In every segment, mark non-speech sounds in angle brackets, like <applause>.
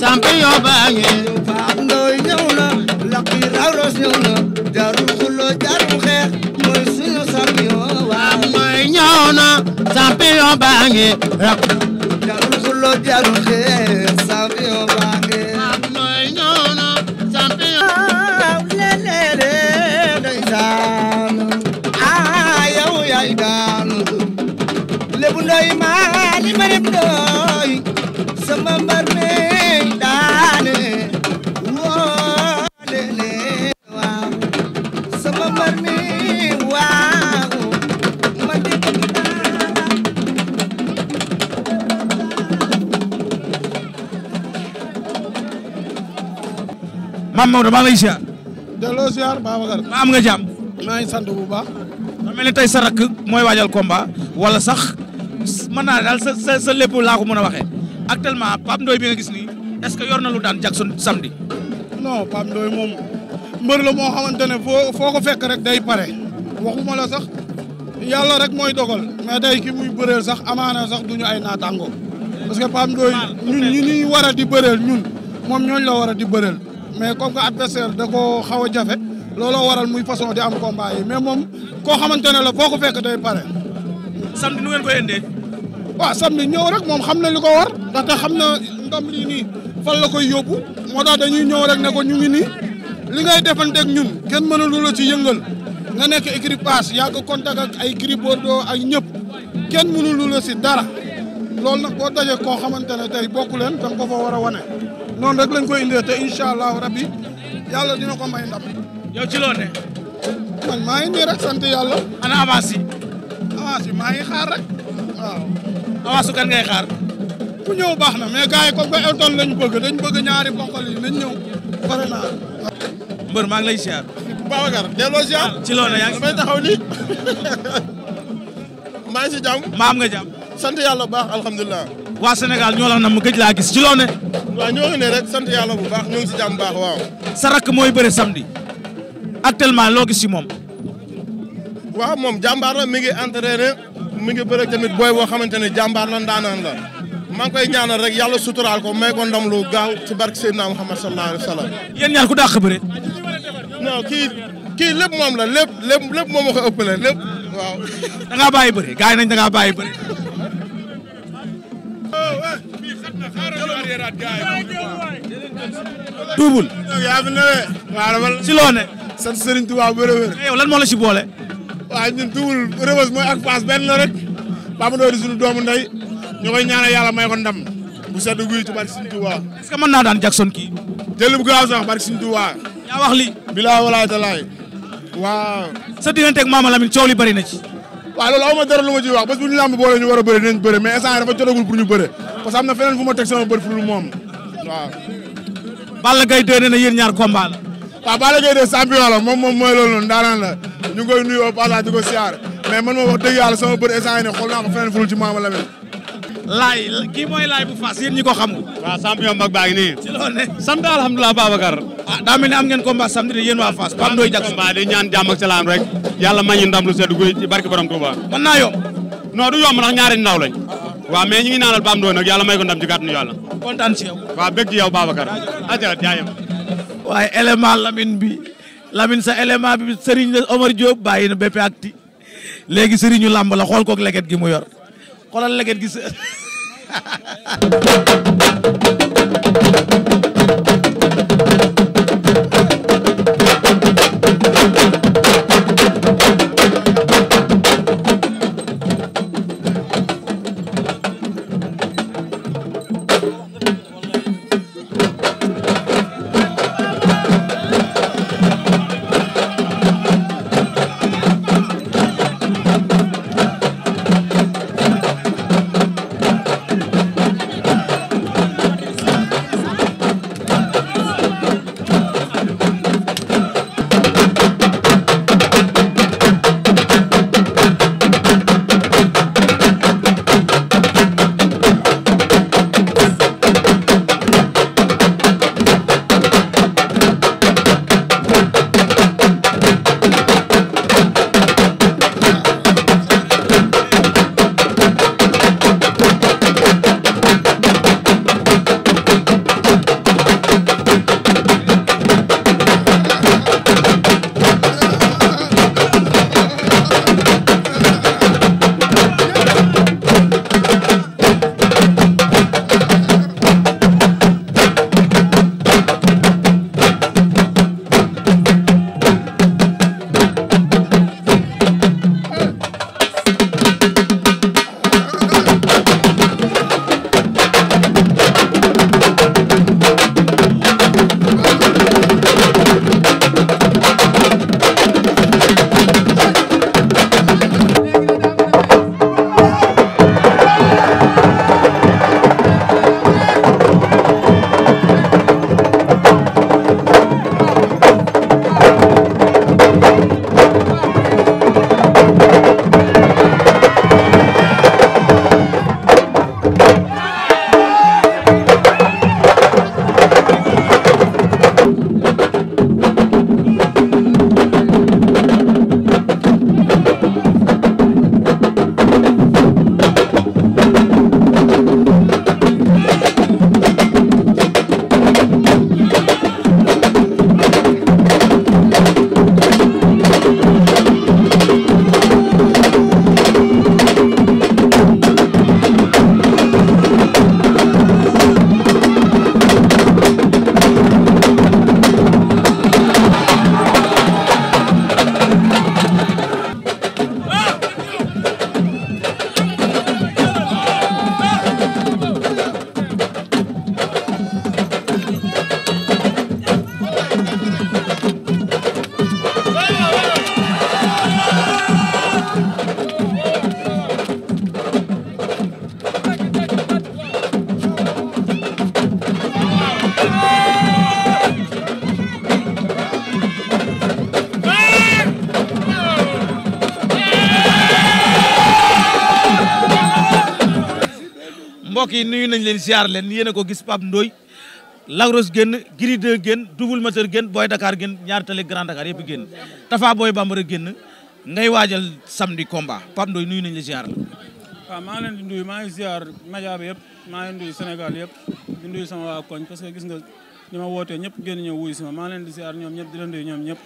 sampiyon baa ngi rak jarul xulo jarul xeex sampiyon baa ngi ma Maodo maa ngi lay ziar. delloo ziar Babacar. maa am nga jàmm. maa ngi sant bu ma mel ni tey sa rakk mooy waajal komba walla sax mën naa daal sa sa sa lépp laa ko mën a waxee actuellement Pape Ndoye bi nga gis ni est-ce que yor na lu daan Jackson samedi. non Pape Ndoye moom mbër la moo xamante ne foo foo ko fekk rek day pare waxuma la sax yàlla rek mooy dogal mais day ki muy bëreel sax amaana sax duñu ay naataango parce que Pape Ndoye ñun ñi ñuy war a di bëreel ñun moom ñooñu la war a di bëreel mais comme que adversaire da xaw a jafe looloo waral muy façon di am combat yi mais moom koo xamante ne la foo ko fekk day pare. samedi nu ngeen koy indee. sam samedi ñëw rek moom xam na li ko war ndaxte xam na ndam lii nii fan la koy yóbbu moo tax dañuy ñëw rek ne ko ñu ngi nii li ngay defanteeg ñun kenn mënalu la ci yëngal nga nekk équipage yaa ko contact ay Gris Bordeaux ay ñëpp kenn mënalu la si dara loolu na boo dajee koo xamante ne te bokku leen da nga ko war a wane noonu rek lañ ko indee te incha allahu rabbi yàlla dina ko may ndam. yow ci loo ne. man maa nii rek sant yàlla. ana yi. avance bi maa ngi xaar rek waaw. avance su kan ku ñëw baax na mais gars yi comme que Elton lañ bëgg dañ bëgg ñaari ponkal yi nañ ñëw pare naa. mbër maa ngi lay ziar. Babacar delloo ziar. Ah, yaa ngi taxaw nii. <laughs> maa ngi si jàmm. maa am nga sant yàlla bu baax alhamdulilah. waa Sénégal ñoo la nam gëj laa gis ci loo ne. waaw ñoo ngi ne rek sant yàlla bu baax ñoo ngi si jàmm baax waaw. sa mooy bëre loo si moom. waaw moom jàmbaar la mi ngi entraîné mi ngi bëre tamit booy boo xamante ne jàmbaar la ndaanaan la maa ngi koy ñaanal rek yàlla suturaal ko may ko ndam lu gaaw ci barke Seydina Muhammad sallallahu alayhi wa sallam. yéen ku dàq bëre. non kii kii lépp moom la lépp moom moo ko ëppale waaw. da ngaa bàyyi bëre gars yi nañ da ngaa bàyyi bëre. tuubul. waaw dama la si loo ne. sant Serigne Touba wërëwër. Eh, yow lan moo la si boole. waaw ñun tuwul Rebeus mooy ak Fass benn la rek Bamba Ndoye di suñu doomu ndey ñu koy ñaanal yàlla may bu sedd guy ci barke Sëriñ Tuubaa. est-ce que mën naa daan Jackson kii. jël bu gaaw sax barke Sëriñ Tuubaa. yaa wax li bilaa walaay talaay. waaw. sa digganteeg Mama Lamine coow li bëri na ci. waaw loolu aw ma dara lu ma ciy wax bés bu ñu làmb boole ñu war a bëri dinañ bëri mais instant dafa jotagul pour parce que am na feneen fu ma teg sama bëri fu lu moom moom moom mooy loolu noonu ñu ngi koy nuyoo passage di ko siyaar mais man ma wax dëgg yàlla sama bët instant yi ne xool naa ko feneen ful ci Mama Lamine laay kii bu faas yéen ñi ko xam waaw champion mag baa nii ci loolu ne sant alhamdulilah Babacar ah daa mel ne ma ñu ndam barke borom Touba mën naa yomb non du yomb ndax ñaari ndaw lañ waaw mais ñu ngi naanal Pape Ndoye nag yàlla may ko ndam ci kàttanu yàlla kontaan ci yow waaw bëgg ci yow Babacar aja jaayam waaye élément bi Lamine sa élément bi Serigne Omar Diop bàyyi na bépp acti léegi Serigne ñu làmb la xool kook leget gi mu yor xoolal leget gi. <laughs> mbokk yi nuyu nañ leen siyaar leen yéen a ko gis Pape Ndoye Lagros génn Gris 2 génn Double Moteur génn Boy Dakar génn ñaari tali Grand Dakar yëpp génn Tafa Boy Bambara génn ngay waajal samedi combat Pape Ndoye nuyu nañ la siyaar la. waaw maa ngi leen di nuyu maa ngi siyaar média bi yëpp maa Sénégal yëpp di nuyu sama waa koñ parce que gis nga ni ma wootee ñëpp génn ñëw wuyu ma maa leen di siyaar ñoom ñëpp di leen nuyu ñoom ñëpp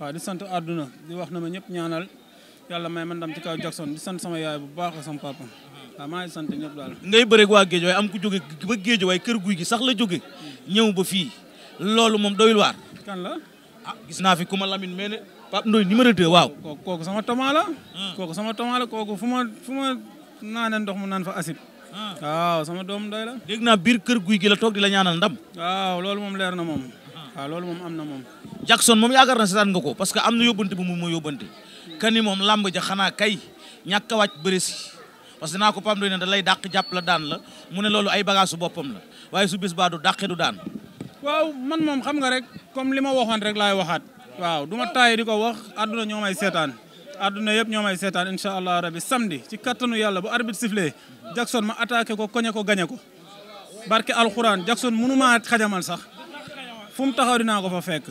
waaw di sant àdduna di wax na ma ñëpp ñaanal. yàlla may man ndam ci kaw Jackson di sant sama yaay bu baax ak sama papa maa ngi sant gi sax la jóge ñëw ba fii loolu moom doyul waar kan la ah naa fi ma Lamine Mene Pape Ndoye numéro 2 waaw kooku kooku sama toma hmm. la kooku sama toma la kooku ma fu ma naanee ndox mu naan fa acide hmm. waaw sama doom doy la dégg naa biir kër guy gi la la ñaanal ndam waaw loolu moom leer na moom hmm. waaw loolu moom am na moom Jackson moom yaakaar na seetaan nga ko parce que am na yóbbante bu mu ma yóbbante kani moom làmb ja xanaa kay ñàkk a wàcc bëri si naa ko pam doy ne da lay dàq jàpp la daan la mu ne loolu ay bagage su boppam la waaye su bis baa du dàqe du daan waaw man moom xam nga rek comme li ma waxoon rek laay waxaat waaw du ma taayi di ko wax àdduna ñoo may seetaan àdduna yëpp ñoo may seetaan incha allah rabbi samedi ci kattanu yàlla bu arbitre sifflé Jackson ma attaqué ko koñe ko gañe ko barke alxuraan Jackson mënu maa xajamal sax fu mu taxaw dinaa ko fa fekk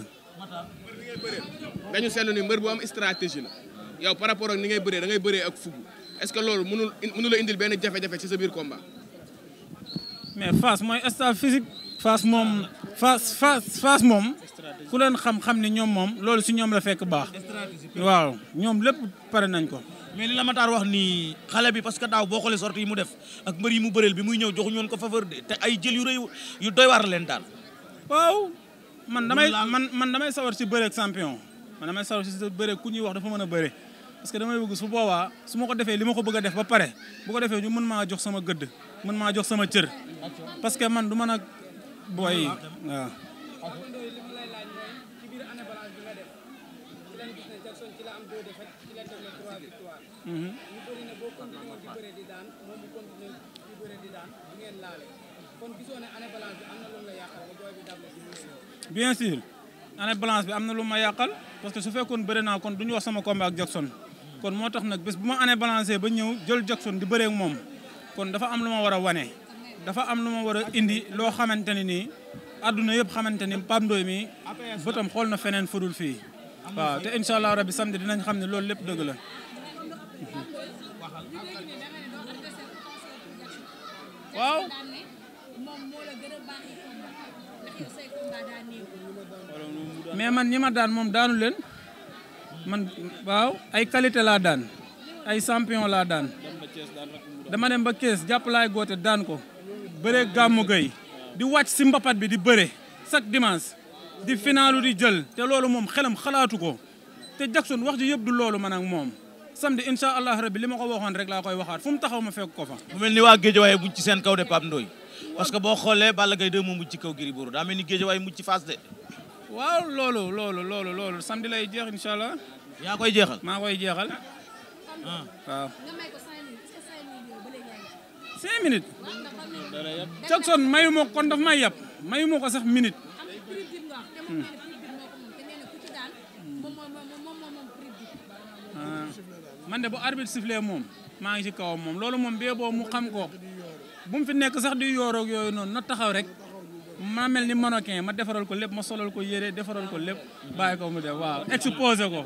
dañu seetlu ni la yow par rapport ak ni ngay bëree da ngay bëree ak fugu est-ce que loolu mënul mënul la indil benn jafe-jafe ci sa biir combat. mais Fass mooy staff physique. Fass moom Fass Fass Fass moom ku leen xam-xam ni ñoom moom loolu si ñoom la fekk baax. waaw ñoom lépp pare nañ ko. mais ni la Matar wax nii xale bi parce que daaw boo xoolee sorti yi mu def ak mbër yi mu bëreel bi muy ñëw joxuñu woon ko faveur de te ay jël yu rëy yu doy waar leen daal. waaw man damay man man damay sawar si bëreeg champion. man damay saru si sa bëre ku ñuy wax dafa mën a bëre parce que damay bëgg su boobaa su ma ko defee li ma ko bëgg a def ba pare boo ko defee ñu mën maa jox sama gëdd mën maa jox sama cër parce que man du mën a booy waaw mhm. bien sûr année balance bi am na lu ma yàqal parce que su fekkoon bëri naa kon du ñu wax sama combat ak Jackson. kon moo tax nag bés bu ma année balancé ba ñëw jël Jackson di bareek moom kon dafa am lu ma war a wane. dafa am lu ma war a indi loo xamante ne nii àdduna yëpp xamante ni Pape Ndoye mi bëtam xool na feneen fudul fii. waaw te incha allah rabi samedi dinañ xam ne loolu lépp dëgg la. waaw. <laughs> mais man ñi ma daan moom daanu leen man waaw ay qualité laa daan ay champion laa daan dama dem ba kees jàpp laay goote daan ko bëree gàmmu gay di wàcc si mbapat bi di bëre chaque dimanche di finaalu di jël te loolu moom xelam xalaatu ko te Jackson wax ji yëpp du loolu man moom samedi incha allah rabbi li ma ko waxoon rek laa koy waxaat fu mu taxaw ma fekk ko fa. mu mel ni waa Géejawaay buñ ci seen kaw de Pape Ndoye parce que boo xoolee Balla Gaye 2 moo mujj ci kaw Gris Bordeaux waaw loolu loolu loolu loolu samedi lay jeex incha allah. yaa koy jeexal maa koy jeexal. ah waaw. cinq minutes. Jackson mayu ko kon daf may yab mayu ko sax minute. man bu arbit sifflé moom maa ngi ci kawam moom loolu moom bee boo mu xam ko bu mu fi nekk sax di yooroog yooyu noonu na taxaw rek. maa mel ni marocain ma defaral ko lépp ma solal ko yére defaral ko lépp bàyyi ko mu def waaw exposé ko.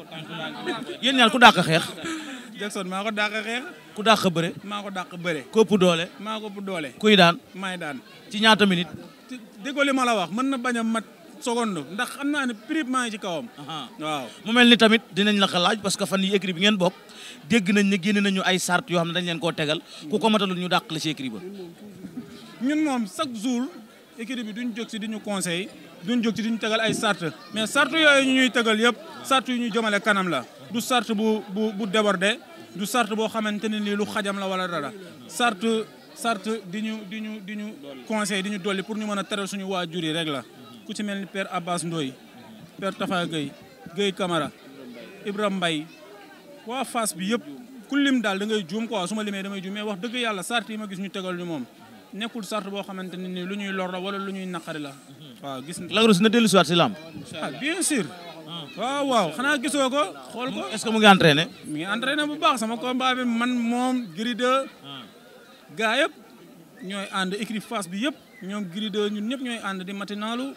yéen ñaar ku dàq xeex. Jackson maa ko dàq xeex. ku dàq bëre. maa ko dàq bëre. ku doole. maa ko ëpp kuy daan. maay daan. ci ñaata minute. déggoo li ma la wax mën na bañ a mat seconde ndax xam naa ne prix maa ngi ci kawam. waaw mu mel ni tamit dinañ la ko laaj parce que fan yi écrit bi ngeen bokk dégg nañ ne génne nañu ay sart yoo xam ne dañ leen koo tegal ku ko matalul ñu dàq la ci écrit ba. ñun équipe bi duñ jóg si diñu conseil duñ jóg di ñu tegal ay sart mais sart yooyu ñuy tegal yëpp sart yu ñu jëmale kanam la du sart bu bu bu débordé du sart boo xamante ne nii lu xajam la wala dara sart sart di ñu di ñu di ñu conseil di ñu dolli pour ñu mën a teral suñu waajur yi rek la ku ci mel ni père Abbas Ndoye père Tafa Gueye Gueye Camara Ibrahima Mbaye waa Fass bi yëpp ku lim daal da ngay juum quoi su ma limee damay juum mais wax dëgg yàlla sart yi ma gis ñu tegal ñu moom nekkul sart boo xamante ne ni lu ñuy lor la lu ñuy naqari la waaw gis nga. Lac na dellu si waat si lamb. Ah, bien sûr. waaw waaw xanaa gisoo ko xool ko. est-ce que mu ngi entraîné. mu ngi bu baax sama combat bi man moom Gris 2. gaa yëpp ñooy ànd écrit bi yëpp ñoom Gris ñun ñëpp ñooy ànd di matinalu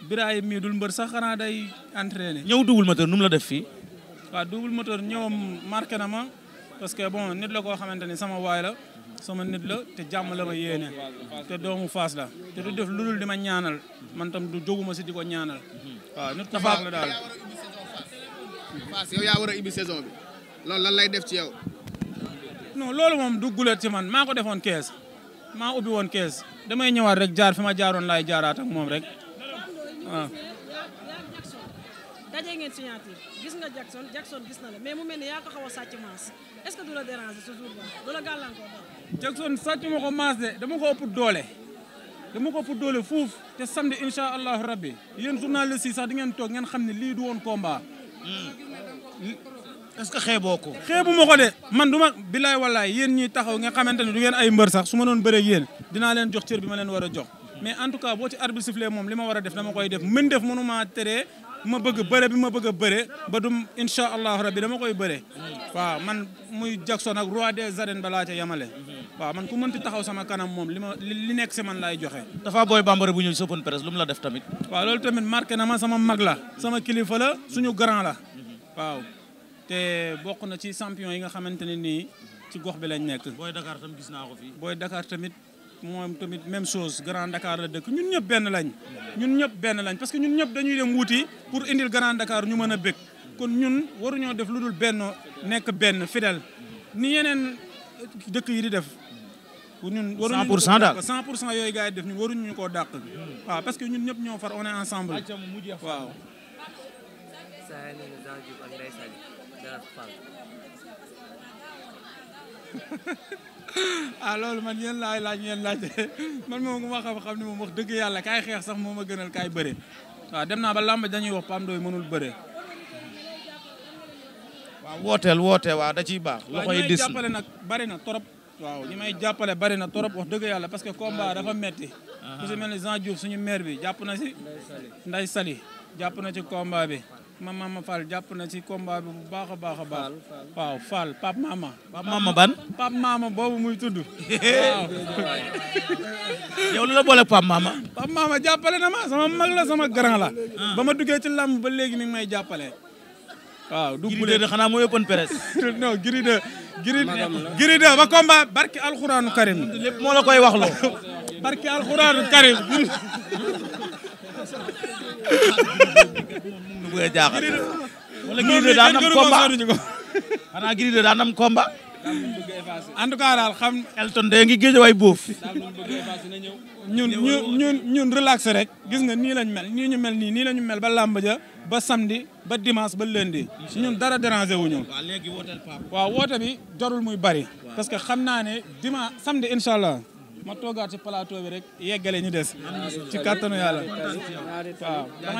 Birahim mii dul mbër sax xanaa day entraîné. ñëw double moteur nu la def fii. waaw double moteur ñëwam marqué na ma parce que bon nit la koo xamante ni sama waay la. sama nit la te jàmm la ma yéene te doomu fas la te du def lu dul di ma ñaanal man tam du jóguma si di ko ñaanal waaw nit ku baax la daal faas yow yaa war a saison bi loolu lan lay def ci yow non loolu moom du gulet ci man maa ko defoon kees maa ubbi woon kees damay ñëwaat rek jaar fi ma jaaroon laay jaaraat ak moom rek dajee ngeen signature gis nga Jackson Jackson gis na la mais ko xaw a ko maas de dama ko ëpp doole dama ko ëpp doole fuuf te samedi incha allahu rabbi yéen journaliste yi sax di ngeen toog ngeen xam ne lii du woon combat. Hmm. est-ce que ko. xeebu ma ko de man du ma bilaay wallaay yéen ñiy taxaw nga xamante ne du ngeen ay mbër sax su ma doon bëree yéen dinaa leen jox cër bi ma leen war a jox. mais en tout cas boo ci arbitre moom li ma war a def dama koy def mën def mënuma tere ma bëgg bëre bi ma bëgg a bëre ba dum incha allahu rabbi dama koy bëre waaw man muy Jackson ak roi des arènes balaa ca yamale waaw man ku mënti taxaw sama kanam moom li ma li nekk si man laay joxe. dafa booy bambara bu ñëw si open press lu mu la def tamit. waaw loolu tamit marqué na ma sama mag la sama kilifa la suñu grand la waaw te bokk na ci champion yi nga xamante ne nii ci gox bi lañ nekk. booy Dakar gis naa ko tamit. moom tamit même chose Grand Dakar la dëkk ñun ñëpp benn lañ ñun ñëpp benn lañ parce que ñun ñëpp dañuy dem wuuti pour indil Grand Dakar ñu mën a bëgg kon ñun waruñoo def lu dul benn nekk benn fidel ni yeneen dëkk yi di def ñun waruñu 100 pour cent daal cent yooyu gars yi def ñun waruñu ñu koo dàq waaw parce que ñun ñëpp ñoo far on est ensemble waaw Saaya nee na Zale Diouf ak loolu man yéen laay laaj yéen laaj <laughs> man moom ma xam-xam ni moom wax dëgg yàlla kaay xeex sax moo ma gënal kaay bëre waaw dem naa ba làmb dañuy wax Pam Doy mënul bëre. waaw wooteel woote waa da ciy baax. loxo yi dis waaw nag bari na trop. waaw ñi may jàppale bari na trop wax dëgg yàlla parce que combat dafa metti ku si mel ni Jean Diouf suñu maire bi jàpp na si. Ndeye Saly jàpp na ci combat bi ma mama Fall jàpp na ci combat bi bu baax a baax a baax. waaw Mama. ban. Pape Mama boobu muy tudd. <laughs> waaw. yow lu Mama. Pape Mama jàppale na ma sama mag la sama grand la. Ah. ba ma duggee ci làmb ba léegi ni may jàppale. waaw du giri xanaa mooy open press. <laughs> non giri de. giri giri karim. lépp moo la koy wax loo. <laughs> mu ngi bëgg a jaaxal. wala Gris 2 daan na am combat xanaa Gris 2 daan na am combat. en daal xam. Elton de ngi géej way boof. ñun ñun ñun ñun rek gis nga nii lañ mel nii ñu mel nii nii la mel ba làmb ja ba samedi ba dimanche ba lundi ñun dara déranger wu ñu. waaw léegi woote bi. waaw bi jarul muy bari. parce que xam naa ne dimanche samedi incha allah. ma toogaat ci plateau bi rek yeggale ñu des ci kàttanu yàlla waaw